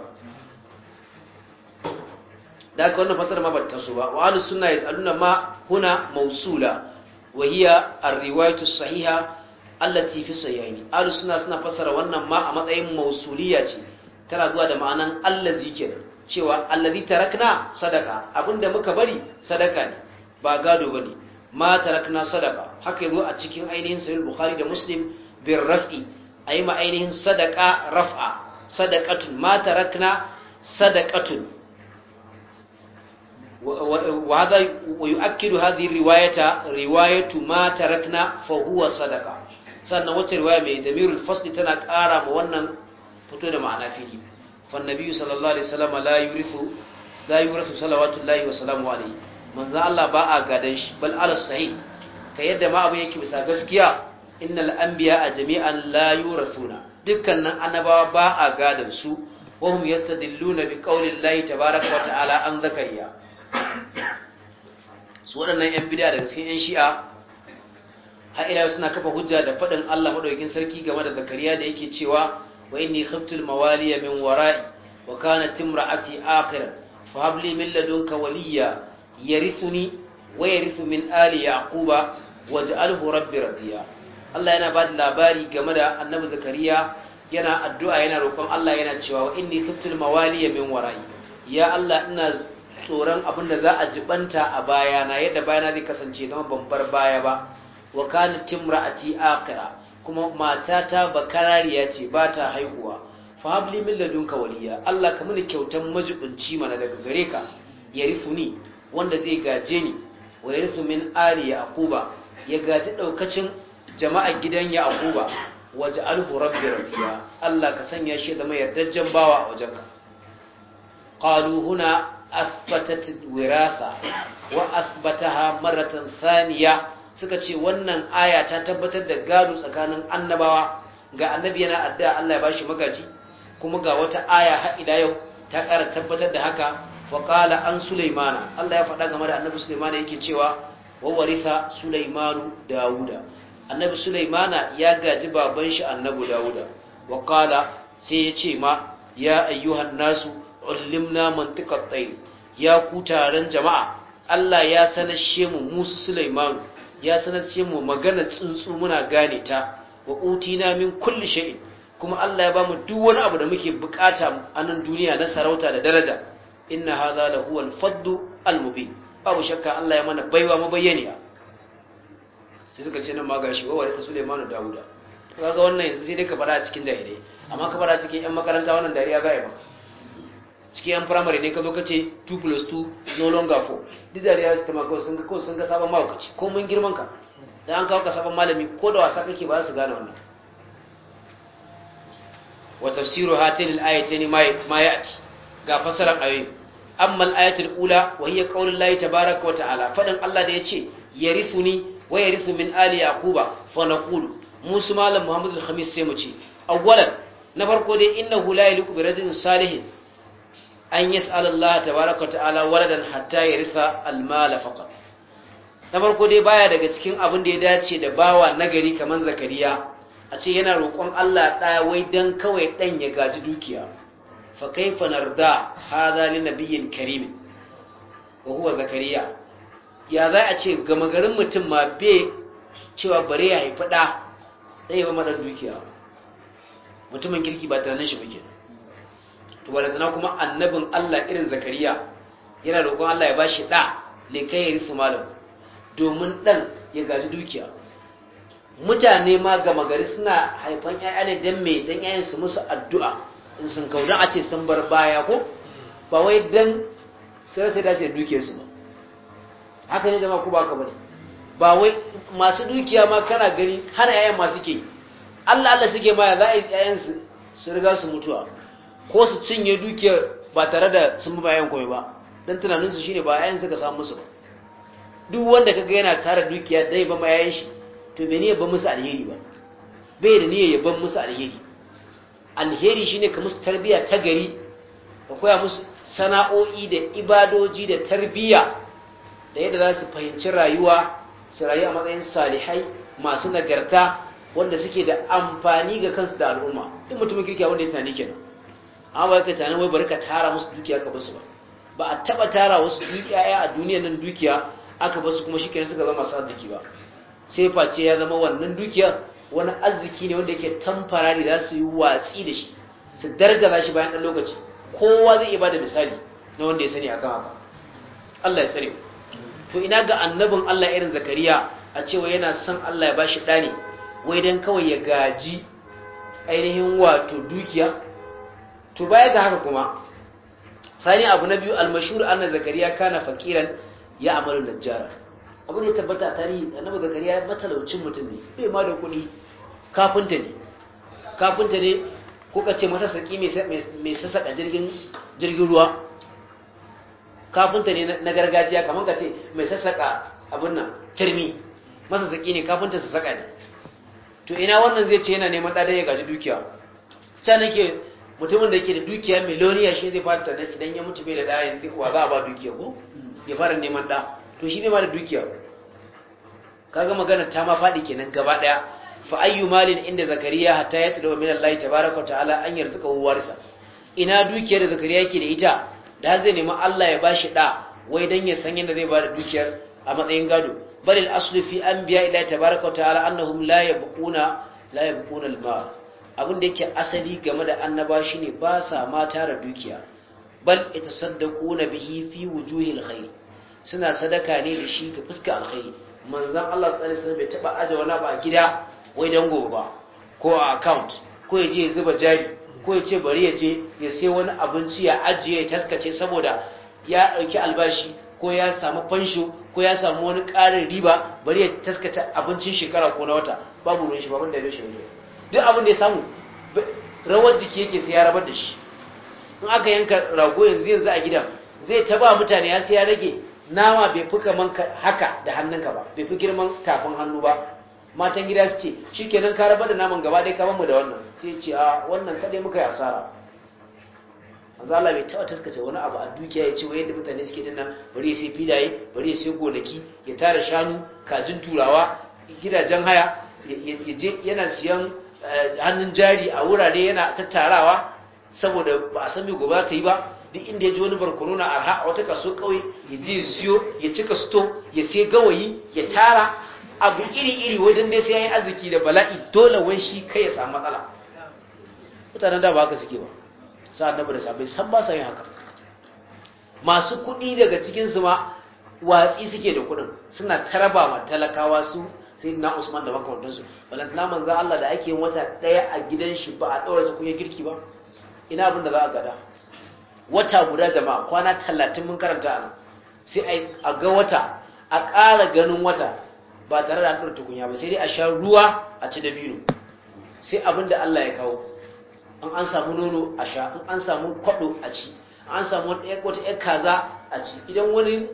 da haka wannan fasar ma bata taso ba wa ahlus sunna yasaluna ma huna mausula wa hiya ar-riwayatu sahiha allati fi sayyani ahlus sunna suna fasara wannan ma a matsayin mausuliya ce tana zuwa da ma'anan allazi kenan cewa allazi tarakna sadaka abinda muka bari sadaka ne ba gado bane ma tarakna sadaqa haka yazo a cikin ainihin sahih bukhari da muslim bir raf'i ayi ma ainihin sadaqa raf'a sadaqatun ma tarakna sadaqatun wa hadha yu'akkidu hadhihi riwayata riwayatu ma tarakna fa huwa sadaqa sannan wata riwaya mai damirul fasli tana kara ma wannan fito da ma'ana fili fa nabiyyu sallallahu alaihi wasallam la yurithu la yurithu salawatullahi wa salamu alaihi manzo Allah ba a gadan shi bal ala sahih ka yadda ma abu yake bisa gaskiya innal anbiya jami'an la yurathuna dukkanin annabawa ba a gadan su wa hum yastadilluna bi qawli Allah tabaaraka wa ta'ala an zakariya su waɗannan yan bid'a da cikin yan shi'a har ila suna kafa hujja da faɗin Allah madaukakin sarki game da zakariya da yake cewa wa inni khiftu mawaliya min wara'i wa kanat imra'ati akhiran fa habli min ladunka waliya yarisuni wa yarisu min ali yaquba waj'alhu rabbi radiya Allah yana ba da labari game da annabi zakariya yana addu'a yana roƙon Allah yana cewa wa inni khiftul ya min wara'i ya Allah ina tsoron abin da za a jibanta a baya na? yadda bayana zai kasance zama bambar baya ba wa kana timra'ati akira kuma matata bakarariya ce ba ta haihuwa fa habli min ladunka waliya Allah ka mini kyautan majibunci mana daga gare ka yarisuni wanda zai gaje ni wa yarisu min ali yaquba ya gaji daukacin jama'a gidan yaquba alhu rabbi rafiya Allah ka sanya shi zama yardajjen bawa wajenka qalu huna asbatat wirasa wa asbataha maratan thaniya suka ce wannan aya ta tabbatar da gado tsakanin annabawa ga annabi yana addu'a Allah ya bashi magaji kuma ga wata aya har ila yau ta ƙara tabbatar da haka faƙala an Suleimana, Allah ya faɗa game da annabi suleimana yake cewa wawarisa Suleimanu dawuda annabi Suleimana ya gaji baban shi annabi dawuda waƙala sai ya ce ma ya ayyuhan nasu ulimna mantiqat tayr ya ku taron jama'a Allah ya sanashe mu musu Suleimanu, ya sanashe mu magana tsuntsu muna gane ta wa utina min kulli shay'in kuma Allah ya ba mu duk wani abu da muke bukata a nan duniya na sarauta da daraja inna hadha la huwa al-fadlu al babu shakka Allah ya mana baiwa mabayyaniya sai suka ce nan ma gashi wa warisa Sulaiman da Dawuda to kaga wannan yanzu sai dai ka fara a cikin jahilai amma ka fara cikin yan makaranta wannan dariya ga a yi maka cikin yan primary ne ka zo ka ce 2 plus 2 no longer 4 duk dariya su ta kawai sun ga ko sun ga sabon mahaukaci ko mun girman ka dan an kawo ka sabon malami ko da wasa kake ba su gane wannan wa tafsiru hatin al-ayatin ma ya'ti ga fasaran ayoyi amma al-ayatul ula wa hiya qaulullahi tabaaraka wa ta'ala faɗin Allah da yace yarithuni wa yarithu min ali yaquba fa naqulu musu malam muhammad al-khamis sai mu ce awwalan na farko dai hula la yaliku bi rajulin salihin an yas'ala Allah tabaaraka wa ta'ala waladan hatta yaritha al-mala faqat na farko dai baya daga cikin abin da ya dace da bawa nagari kamar zakariya a ce yana roƙon Allah ɗaya wai dan kawai ɗan ya gaji dukiya fa kaifa narda hadha li nabiyyin karim wa huwa zakariya ya za a ce gama garin mutum ma be cewa bare ya haifi da zai ba mada dukiya mutumin kirki ba tunanin shi bake to balantana kuma annabin Allah irin zakariya yana roƙon Allah ya bashi da likai ya rufe malam domin dan ya gaji dukiya mutane ma gama gari suna haifan 'ya'ya ne don mai don 'ya'yansu musu addu'a in sun kauda a ce sun bar baya ko ba wai don sarasa dace da dukiyarsu ba haka ne zama ko ba ka bane ba wai masu dukiya ma kana gani hana yayan masu ke Allah Allah suke baya za a yi 'ya'yansu su su riga su mutuwa ko su cinye dukiyar ba tare da sun ba yayan kome ba dan tunanin su shine ba yayan suka samu musu ba duk wanda kaga yana tara dukiya dai ba ma yayan shi to bai ne ba musu alheri ba bai da ni ya ban musu alheri alheri shine ka musu tarbiya ta gari ka koya musu sana'o'i da ibadoji da tarbiya da yadda za su fahimci rayuwa su rayu a matsayin salihai masu nagarta wanda suke da amfani ga kansu da al'umma duk mutumin kirkiya wanda ya tunani kenan amma ba ka tunani wai bari ka tara musu dukiya ka basu ba ba a taba tara wasu dukiya a duniya nan dukiya aka basu kuma shi kenan suka zama masu arziki ba sai face ya zama wannan dukiyar wani arziki ne wanda yake tamfarari za su yi watsi da shi su dargaza shi bayan ɗan lokaci kowa zai iya bada misali na wanda ya sani akan haka Allah ya sani to ina ga annabin Allah irin zakariya a cewa yana son Allah ya bashi shi ɗani wai don kawai ya gaji ainihin wato dukiya to baya ga haka kuma sani abu na biyu almashuru anna zakariya kana fakiran ya amalu najjara abin da ya tabbata tarihi annabi ya matalaucin mutum ne bai ma da kuɗi kafinta ne kafinta ne ka ce masasaki mai sassaƙa jirgin ruwa kafinta ne na gargajiya kamar ka ce mai sassaƙa abin nan turmi masasaki ne kafinta sassaƙa ne to ina wannan zai ce yana neman ɗaɗa ya gaji dukiya ta nake mutumin da ke da dukiya miliyoniya shi zai fara tunan idan ya mutu bai da ɗaya yanzu wa za a ba dukiya ko ya fara neman ɗa to shi bai ma da dukiya kaga magana ta ma faɗi kenan gaba ɗaya fa ayyu malin inda zakariya hatta ya tada min Allah tabaaraka ta'ala an yarzuka warisa ina dukiyar da zakariya yake da ita da zai nemi Allah ya bashi da wai dan ya san yadda zai bada dukiyar a matsayin gado bal al an fi anbiya ila tabaaraka ta'ala annahum la yabquna la yabquna al mal abin da yake asali game da annaba shine ba sa ma tara dukiya bal itasaddaquna bihi fi wujuhil khair suna sadaka ne da shi ga fuskar alkhairi manzan Allah sallallahu alaihi bai taba aje wani ba gida wai dan ba ko a account ko ya je ya zuba jari ko ya ce bari ya je ya sai wani abinci ya ajiye ya taskace saboda ya ɗauki albashi ko ya samu fansho ko ya samu wani ƙarin riba bari ya taskace abincin shekara ko na wata babu ruwan shi babu da ya shi duk abin da ya samu rawar jiki yake sai ya rabar da shi in aka yanka rago yanzu yanzu a gidan zai taba mutane ya sai ya rage nama bai fi kaman haka da hannunka ba bai fi girman tafin hannu ba matan gida su ce shi kenan ka raba da naman gaba dai kamar mu da wannan sai ce a wannan kaɗai muka yi asara azala bai taɓa taskace wani abu a dukiya ya ce wa yadda mutane suke dinna bari sai filaye bari sai gonaki ya tara shanu kajin turawa gidajen haya yana siyan eh, hannun jari a wurare yana tattarawa saboda ba a san me gobe ta yi ba duk inda ya ji wani barkono na arha a wata kaso kawai ya ji siyo ya cika sto ya sai gawayi ya tara abu iri-iri wajen dai sai ya yi arziki da bala'i dole wani shi kai ya samu matsala mutanen da ba haka suke ba sa'an na bada sabai san ba sa yin haka masu kuɗi daga cikin su ma watsi suke da kuɗin suna taraba ma talakawa su sai na usman da makamantansu balantana manzo Allah da ake yin wata ɗaya a gidan shi ba a ɗaura ta kunya girki ba ina abin da za a gada wata guda jama'a kwana talatin mun karanta a nan sai a ga wata a ƙara ganin wata ba tare da haɗar tukunya ba sai dai a sha ruwa a ci dabino sai abin da Allah ya kawo in an samu nono a sha in an samu kwaɗo a ci an samu wata ‘yar kaza a ci idan wani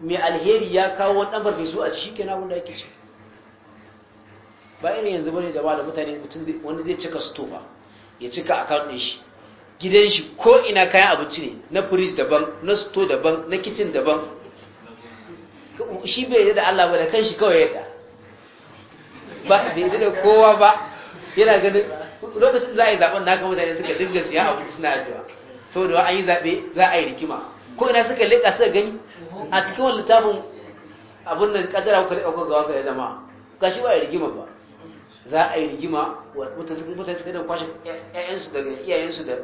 mai alheri ya kawo wani ɗan fesu a ci shi kenan wanda ake ci ba irin yanzu bane jama'a da mutane mutum wani zai cika sto ba ya cika akaunt ɗin shi gidan shi ko ina kayan abinci ne na firis daban na sto daban na kicin daban shi bai yadda Allah ba da shi kawai yadda ba bai yadda kowa ba yana ganin lokacin za a yi zaben naka mutane suka dinga siya abu suna ajiwa saboda an yi zaɓe za a yi rikima ko ina suka leƙa suka gani a cikin wani littafin abin da kadara kuka leƙa kuka gawa ya zama ka shi ba a yi rigima ba za a yi rigima mutane suka da kwashe ƴaƴansu daga iyayensu da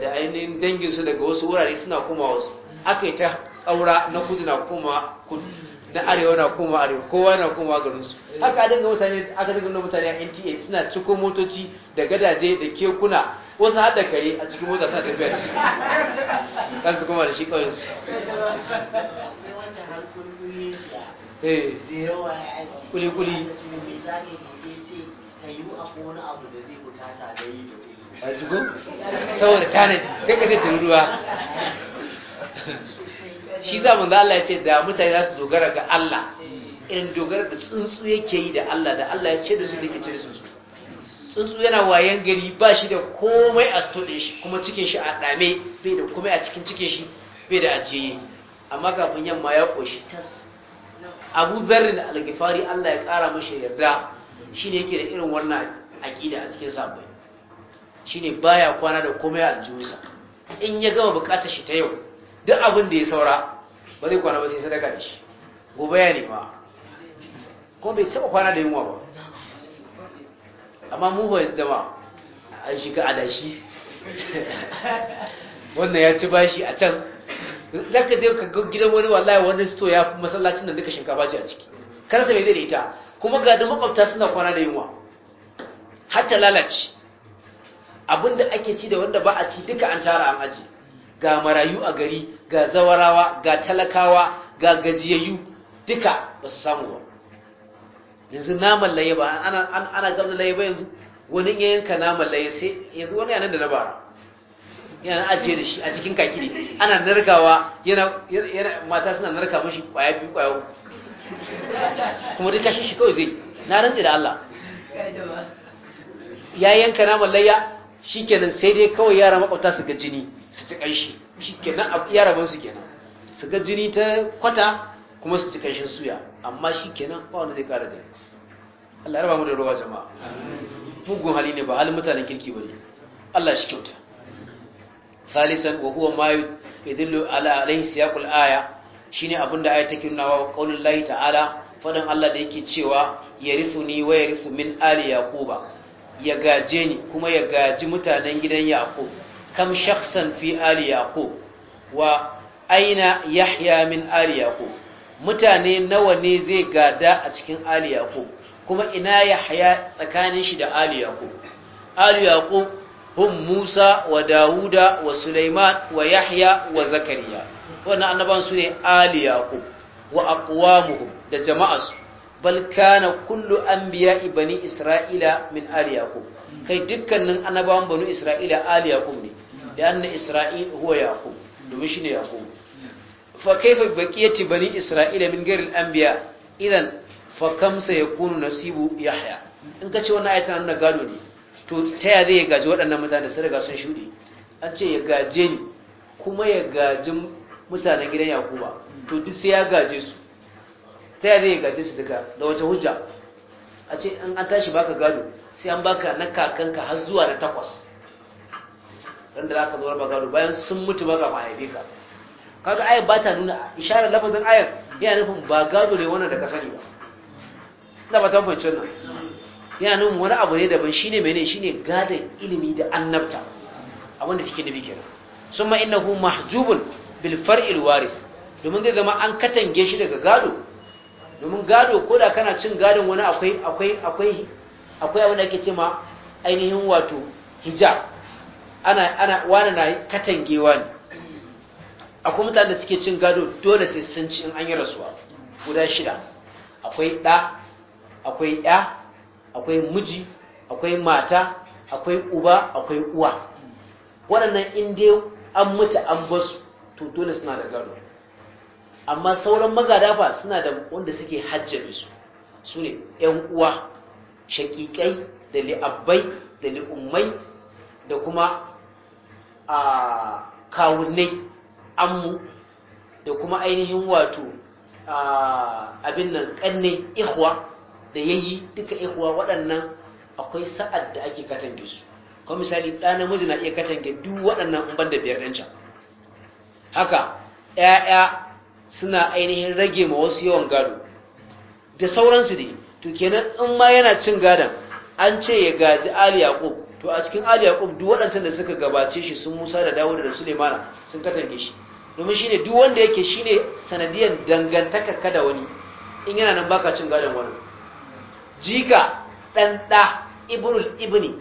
da ainihin danginsu daga wasu wurare suna kuma wasu aka yi ta ƙaura na kudu na koma kudu na arewa na koma arewa kowa na koma garinsu haka dinga mutane aka dinga mutane a nta suna ciko motoci da gadaje da kekuna wasu hada kare a cikin mota sa tafiya da shi kan su kuma da shi kawai su kuli kuli ta yi abu da zai da yi shigo saboda tanadi sai ka sai shi za mu Allah ya ce da mutane za su dogara ga Allah irin dogara da tsuntsu yake yi da Allah da Allah ya ce da su da ke cire sunsu. tsuntsu yana wayan gari ba shi da komai a stoɗe shi kuma cikin shi a ɗame bai da komai a cikin cikin shi bai da ajiye amma kafin yamma ya ƙoshi tas abu zarrin algifari Allah ya ƙara mashi yarda shi ne yake da irin wannan aƙida a cikin sabbin shine baya kwana da komai a aljihunsa in ya gama bukatar shi ta yau duk abin da ya saura ba zai kwana ba sai sadaka da shi gobe ya nema ko bai taba kwana da yunwa ba amma mu ba zama an shiga adashi [LAUGHS] wannan ya ci bashi a can za ka zai kaga gidan wani wallahi wani sto ya fi masallacin da duka shinkafa ce a ciki karsa mai zai da ita kuma ga da makwabta suna kwana da yunwa hatta lalace Abin da ake ci da wanda ba a ci duka an tara an aji ga marayu a gari ga zawarawa ga talakawa ga gajiyayyu duka ba su samu ba yanzu naman laye ba ana gabda laye ba yanzu wani ya yanka naman laye sai yanzu wani yanar da na bara yana ajiye da shi a cikin kakiri. ana narkawa yana mata suna narka mashi kwaya biyu kwaya kuma duka shi shi kawai zai na rantsi da Allah ya yanka naman layya kenan sai dai kawai yara makwata su ga jini su ci kanshi shikenan yara ban su kenan su ga jini ta kwata kuma su ci kanshin suya amma shi kenan ba wanda zai kara da Allah ya raba mu da ruwa jama'a mugun hali ne ba halin mutanen kirki bane Allah shi kyauta salisan wa huwa ma yadullu ala alayhi siyaqul aya shine abinda aya take nuna wa qaulullahi ta'ala fadan Allah da yake cewa ni wa yarithu min ali yaquba ya gaje ni kuma ya gaji mutanen gidan yaqub kam shakhsan fi ali yaqub wa aina yahya min ali yaqub mutane nawa ne zai gada a cikin ali yaqub kuma ina yahya tsakanin shi da ali yaqub ali yaqub hum musa wa dauda wa sulaiman wa yahya wa zakariya wannan annaban su ne ali yaqub wa aqwamuhum da su. bal kana kullu anbiya bani isra'ila min ali yaqub kai dukkanin annabawan bani isra'ila ali yaqub ne da anna isra'il huwa yaqub domin shine yaqub fa kaifa baqiyati bani isra'ila min ghairi al-anbiya idan fa kam sayakunu nasibu yahya in ka kace wannan ayatan nuna gado ne to ta ya zai gaji waɗannan mutane sun riga sun shuɗe an ce ya gaje ni kuma ya gaji mutanen gidan yakuba to duk sai ya gaje su ta yare ga gaje su daga da wata hujja a ce in an tashi baka gado sai an baka na kakanka har zuwa na takwas ran da ka zo gado bayan sun mutu baka haife ka kaga ayar ba ta nuna isharar lafazin ayar, yana nufin ba gado ne wannan da ka sani ba ina ba ta fahimci nan yana nufin wani abu ne daban shine mene shine gadon ilimi da annabta abin da take nufi kenan summa innahu mahjubun bil far'il warith domin zai zama an katange shi daga gado domin gado ko da kana cin gadon wani akwai akwai akwai akwai abin da ake ce ma ainihin wato hijab ana ana wani na katangewa ne akwai mutane da suke cin gado dole sai sun ci in an yi rasuwa guda shida akwai ɗa akwai ya akwai miji akwai mata akwai uba akwai uwa waɗannan in dai an mutu an basu to dole suna da gado amma sauran magada fa suna da wanda suke hajjabe su su ne ‘yan uwa shaƙiƙai da li'abbai da li'ummai da kuma a kawunai ammu da kuma ainihin wato abin nan ƙanne ihwa da yayi duka ihwa waɗannan akwai sa'ad da ake katange su kuma misali ɗa namiji na iya katange duk waɗannan in da biyar ɗancan haka ‘ya'ya suna ainihin rage ma wasu yawan gado da sauransu ne to kenan in ma yana cin gadon an ce ya gaji ali yaqub to a cikin ali yaqub duk waɗancan da suka gabace shi sun musa da Dawudu da sulemana sun katange shi domin shine duk wanda yake shine sanadiyan dangantaka kada wani in yana nan baka cin gadon wani jika dan ibnul ibni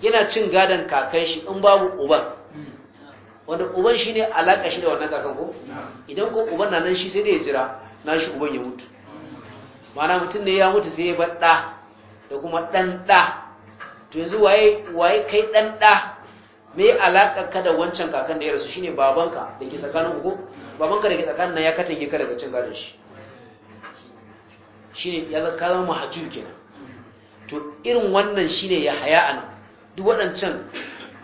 yana cin gadon kakan shi in babu uban wanda uban shi ne alaƙa shi da wannan kakan ko idan ko uban na nan shi sai dai ya jira na shi uban ya mutu mana mutum ne ya mutu sai ya bar ɗa da kuma ɗan ɗa to yanzu waye waye kai ɗan ɗa me alaƙa ka da wancan kakan da ya rasu shine babanka da ke tsakanin ku babanka da ke tsakanin nan ya katange ka daga cin gadon shi shine ya zaka zama mahajur kenan to irin wannan shine ya haya anan duk waɗancan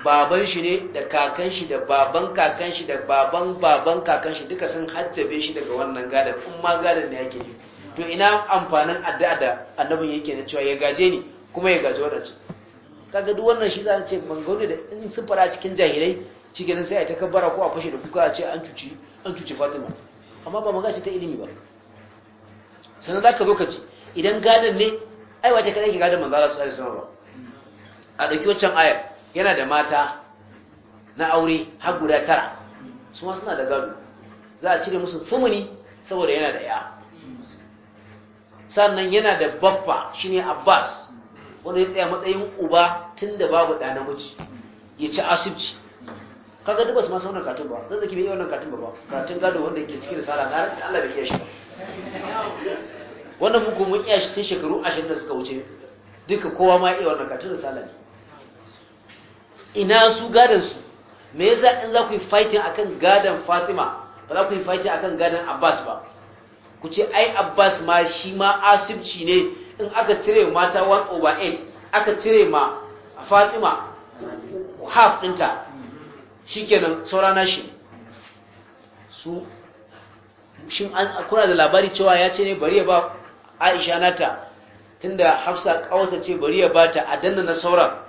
baban shi ne da kakan shi da baban kakan shi da baban baban kakan shi duka sun hajjabe shi daga wannan gadon in ma gadon ne yake ne to ina amfanin addu'a da annabin yake na cewa ya gaje ni kuma ya gaje wadancan kaga duk wannan shi zan ce bangare da in sun fara cikin jahilai cikin sai ai ta kabbara ko a fashe da kuka a ce an cuci an cuci Fatima amma ba magana ce ta ilimi ba sannan zaka zo ka ci idan gadon ne ai wace kada ke gadon manzo Allah sallallahu alaihi wasallam ba a dauki wancan ayar yana da mata na aure har guda tara su ma suna da gado za a cire musu tsumuni saboda yana da ya sannan yana da babba shine abbas wanda ya tsaya matsayin uba tun da babu ɗa namiji ya ci asibci kaga dubas masu wannan katun ba zan zaki bai wannan katun ba ba katun gado wanda ke cikin sala na da Allah da ke shi wannan muku mun iya shi tun shekaru ashirin da suka wuce duka kowa ma iya wannan katun da sala ne ina su gadansu me yasa in za ku yi fighting akan gadan fatima ba za ku yi fighting akan gadan abbas ba ku ce ai abbas ma shi ma asibci ne in aka cire mata 1 over 8 aka cire ma fatima half inta shi kenan saurana shi su shin an kura da labari cewa ya ce ne bari ya ba aisha nata tunda hafsa kawata ce bari ya bata a danna na sauran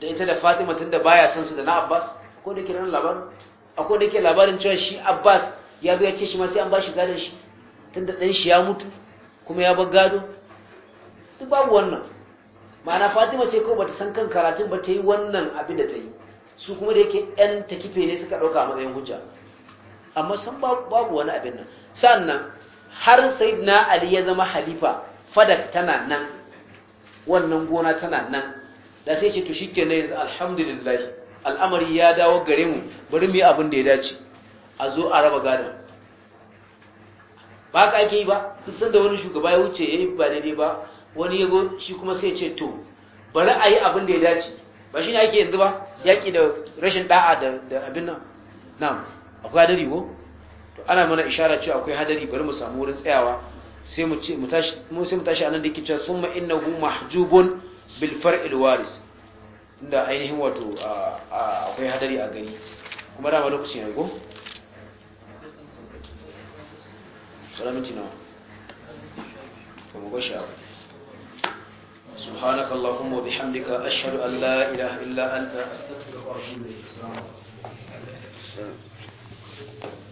da ita da fatima tun da baya san su da na abbas ko da kiran labarin akwai da ke labarin cewa shi abbas ya zo ya ce shi ma sai an ba shi gadon shi tun da ɗan shi ya mutu kuma ya bar gado duk babu wannan ma'ana fatima ce kawai bata san kan karatun ba ta yi wannan abin da ta yi su kuma da yake yan ta kife ne suka ɗauka a matsayin hujja amma san babu wani abin nan sannan har sayyidina ali ya zama halifa fadak tana nan wannan gona tana nan da sai ce to shikenan yanzu alhamdulillah al'amari ya dawo gare mu bari mu yi abin da ya dace a zo a raba gadon ba ka ake yi ba kusan da wani shugaba ya wuce ya yi ba daidai ba wani ya zo shi kuma sai ce to bari a yi abin da ya dace ba shi ne ake yanzu ba yaƙi da rashin da'a da abin nan na akwai hadari ko to ana mana ishara cewa akwai hadari bari mu samu wurin tsayawa sai mu tashi a nan da ke cewa sun ma'inahu mahjubun بالفرق الوارس تندا عينه وتو اوكي هادري اغني كما دعوا لوكشي نغو سلامتي نو تمغوشا سبحانك اللهم وبحمدك اشهد ان لا اله الا انت استغفرك واتوب اليك السلام عليكم